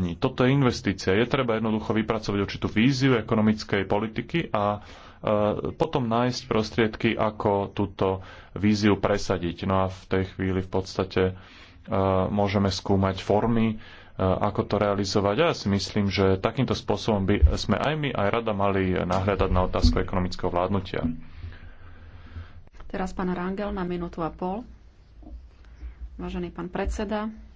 riešení. Toto je investícia. Je treba jednoducho vypracovať určitú víziu ekonomickej politiky a e, potom nájsť prostriedky, ako túto víziu presadiť. No a v tej chvíli v podstate e, môžeme skúmať formy, e, ako to realizovať. A ja si myslím, že takýmto spôsobom by sme aj my, aj rada mali nahľadať na otázku ekonomického vládnutia. Teraz pán Rangel na minútu a pol. Vážený pán predseda,